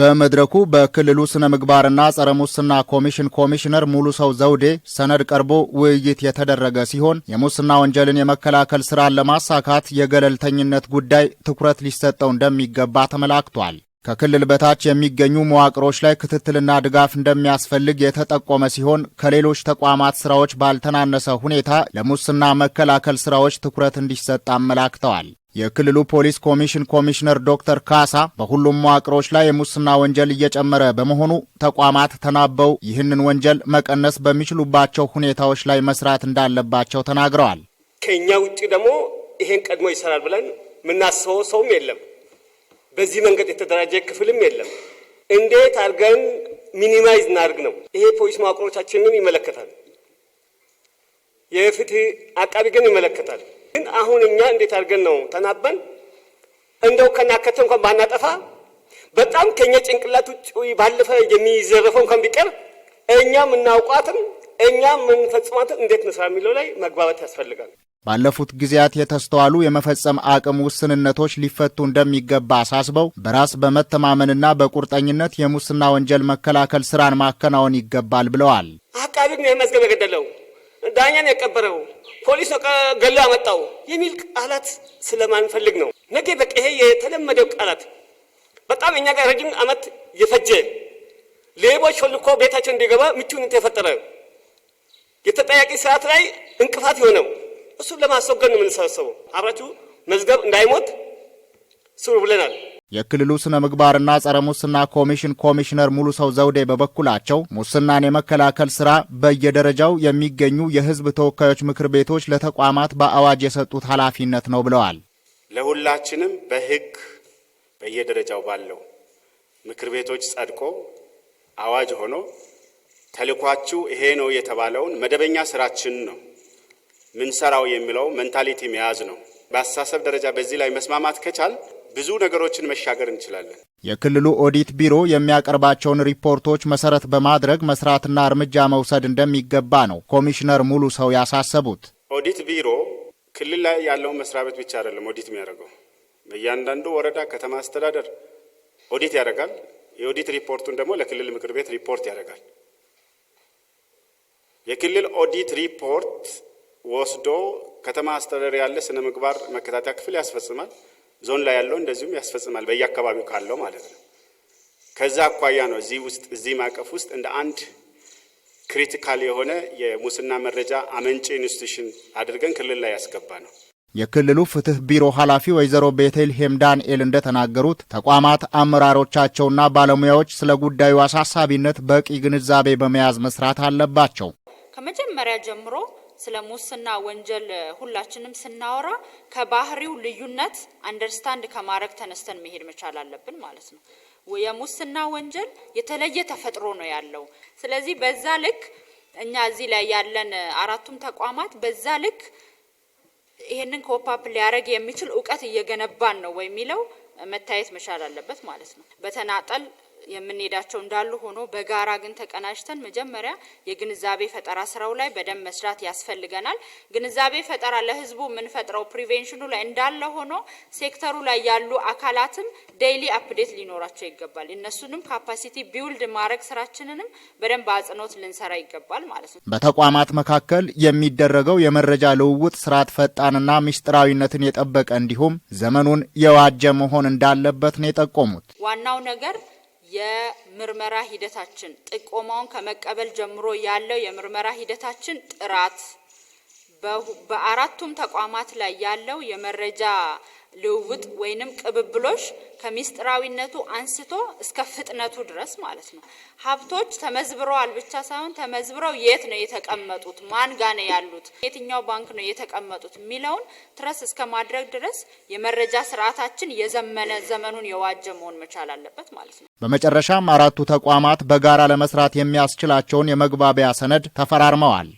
በመድረኩ በክልሉ ስነ ምግባርና ጸረ ሙስና ኮሚሽን ኮሚሽነር ሙሉ ሰው ዘውዴ ሰነድ ቀርቦ ውይይት የተደረገ ሲሆን የሙስና ወንጀልን የመከላከል ስራን ለማሳካት የገለልተኝነት ጉዳይ ትኩረት ሊሰጠው እንደሚገባ ተመላክቷል። ከክልል በታች የሚገኙ መዋቅሮች ላይ ክትትልና ድጋፍ እንደሚያስፈልግ የተጠቆመ ሲሆን ከሌሎች ተቋማት ስራዎች ባልተናነሰ ሁኔታ ለሙስና መከላከል ስራዎች ትኩረት እንዲሰጥ አመላክተዋል። የክልሉ ፖሊስ ኮሚሽን ኮሚሽነር ዶክተር ካሳ በሁሉም መዋቅሮች ላይ የሙስና ወንጀል እየጨመረ በመሆኑ ተቋማት ተናበው ይህንን ወንጀል መቀነስ በሚችሉባቸው ሁኔታዎች ላይ መስራት እንዳለባቸው ተናግረዋል። ከእኛ ውጭ ደግሞ ይሄን ቀድሞ ይሰራል ብለን የምናስበው ሰውም የለም። በዚህ መንገድ የተደራጀ ክፍልም የለም። እንዴት አድርገን ሚኒማይዝ እናድርግ ነው። ይሄ ፖሊስ መዋቅሮቻችንን ይመለከታል። የፍትህ አቃቢ ግን ይመለከታል። ግን አሁን እኛ እንዴት አድርገን ነው ተናበን እንደው ከናከተ እንኳን ባናጠፋ በጣም ከኛ ጭንቅላት ውጭ ባለፈ የሚዘረፈው እንኳን ቢቀር እኛ የምናውቋትም እኛ የምንፈጽማትም እንዴት ንስራ የሚለው ላይ መግባባት ያስፈልጋል። ባለፉት ጊዜያት የተስተዋሉ የመፈጸም አቅም ውስንነቶች ሊፈቱ እንደሚገባ አሳስበው በራስ በመተማመንና በቁርጠኝነት የሙስና ወንጀል መከላከል ስራን ማከናወን ይገባል ብለዋል። አቃቢ የመዝገብ የገደለው ዳኛን የቀበረው ፖሊስ ገሎ አመጣው የሚል ቃላት ስለማንፈልግ ነው። ነገ በቃ ይሄ የተለመደው ቃላት በጣም እኛ ጋር ረጅም አመት የፈጀ ሌቦች ሾልኮ ቤታቸው እንዲገባ ምቹ ሁኔታ የፈጠረ የተጠያቂ ስርዓት ላይ እንቅፋት የሆነው እሱን ለማስወገድ ነው የምንሰበሰበው። አብራችሁ መዝገብ እንዳይሞት ስሩ ብለናል። የክልሉ ስነ ምግባርና ጸረ ሙስና ኮሚሽን ኮሚሽነር ሙሉ ሰው ዘውዴ በበኩላቸው ሙስናን የመከላከል ስራ በየደረጃው የሚገኙ የህዝብ ተወካዮች ምክር ቤቶች ለተቋማት በአዋጅ የሰጡት ኃላፊነት ነው ብለዋል። ለሁላችንም በህግ በየደረጃው ባለው ምክር ቤቶች ጸድቆ አዋጅ ሆኖ ተልኳችሁ ይሄ ነው የተባለውን መደበኛ ስራችን ነው ምንሰራው የሚለው ሜንታሊቲ መያዝ ነው። በአስተሳሰብ ደረጃ በዚህ ላይ መስማማት ከቻል ብዙ ነገሮችን መሻገር እንችላለን። የክልሉ ኦዲት ቢሮ የሚያቀርባቸውን ሪፖርቶች መሰረት በማድረግ መስራትና እርምጃ መውሰድ እንደሚገባ ነው ኮሚሽነር ሙሉ ሰው ያሳሰቡት። ኦዲት ቢሮ ክልል ላይ ያለውን መስሪያ ቤት ብቻ አይደለም ኦዲት የሚያደርገው፣ በእያንዳንዱ ወረዳ፣ ከተማ አስተዳደር ኦዲት ያደርጋል። የኦዲት ሪፖርቱን ደግሞ ለክልል ምክር ቤት ሪፖርት ያደርጋል። የክልል ኦዲት ሪፖርት ወስዶ ከተማ አስተዳደር ያለ ስነ ምግባር መከታተያ ክፍል ያስፈጽማል። ዞን ላይ ያለው እንደዚሁም ያስፈጽማል በየአካባቢው ካለው ማለት ነው። ከዛ አኳያ ነው እዚህ ውስጥ እዚህ ማዕቀፍ ውስጥ እንደ አንድ ክሪቲካል የሆነ የሙስና መረጃ አመንጭ ኢንስቲቱሽን አድርገን ክልል ላይ ያስገባ ነው። የክልሉ ፍትህ ቢሮ ኃላፊ ወይዘሮ ሄምዳን ዳንኤል እንደተናገሩት ተቋማት አመራሮቻቸውና ባለሙያዎች ስለ ጉዳዩ አሳሳቢነት በቂ ግንዛቤ በመያዝ መስራት አለባቸው። ከመጀመሪያ ጀምሮ ስለ ሙስና ወንጀል ሁላችንም ስናወራ ከባህሪው ልዩነት አንደርስታንድ ከማድረግ ተነስተን መሄድ መቻል አለብን ማለት ነው። የሙስና ወንጀል የተለየ ተፈጥሮ ነው ያለው። ስለዚህ በዛ ልክ እኛ እዚህ ላይ ያለን አራቱም ተቋማት በዛ ልክ ይሄንን ኮፓፕ ሊያደረግ የሚችል እውቀት እየገነባን ነው የሚለው መታየት መቻል አለበት ማለት ነው በተናጠል የምንሄዳቸው እንዳሉ ሆኖ በጋራ ግን ተቀናጅተን መጀመሪያ የግንዛቤ ፈጠራ ስራው ላይ በደንብ መስራት ያስፈልገናል። ግንዛቤ ፈጠራ ለህዝቡ የምንፈጥረው ፕሪቬንሽኑ ላይ እንዳለ ሆኖ ሴክተሩ ላይ ያሉ አካላትም ዴይሊ አፕዴት ሊኖራቸው ይገባል። እነሱንም ካፓሲቲ ቢውልድ ማድረግ ስራችንንም በደንብ አጽንኦት ልንሰራ ይገባል ማለት ነው። በተቋማት መካከል የሚደረገው የመረጃ ልውውጥ ስርዓት ፈጣንና ምስጢራዊነትን የጠበቀ እንዲሁም ዘመኑን የዋጀ መሆን እንዳለበት ነው የጠቆሙት። ዋናው ነገር የምርመራ ሂደታችን ጥቆማውን ከመቀበል ጀምሮ ያለው የምርመራ ሂደታችን ጥራት በአራቱም ተቋማት ላይ ያለው የመረጃ ልውውጥ ወይንም ቅብብሎሽ ከሚስጥራዊነቱ አንስቶ እስከ ፍጥነቱ ድረስ ማለት ነው። ሀብቶች ተመዝብረዋል ብቻ ሳይሆን ተመዝብረው የት ነው የተቀመጡት፣ ማን ጋ ነው ያሉት፣ የትኛው ባንክ ነው የተቀመጡት የሚለውን ትረስ እስከ ማድረግ ድረስ የመረጃ ስርዓታችን የዘመነ ዘመኑን የዋጀ መሆን መቻል አለበት ማለት ነው። በመጨረሻም አራቱ ተቋማት በጋራ ለመስራት የሚያስችላቸውን የመግባቢያ ሰነድ ተፈራርመዋል።